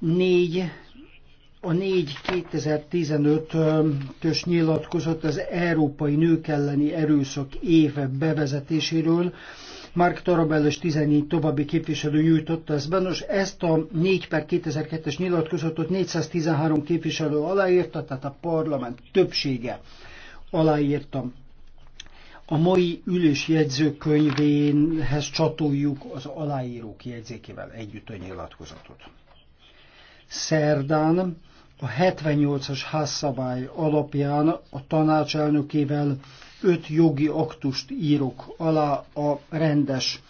négy a 4 2015-ös nyilatkozat az Európai Nők elleni erőszak éve bevezetéséről. Mark Tarabell és 14 további képviselő nyújtotta ezt be. Nos, ezt a 4 per 2002-es nyilatkozatot 413 képviselő aláírta, tehát a parlament többsége aláírta. A mai ülés jegyzőkönyvénhez csatoljuk az aláírók jegyzékével együtt a nyilatkozatot. Szerdán a 78-as házszabály alapján a tanácselnökével öt jogi aktust írok alá a rendes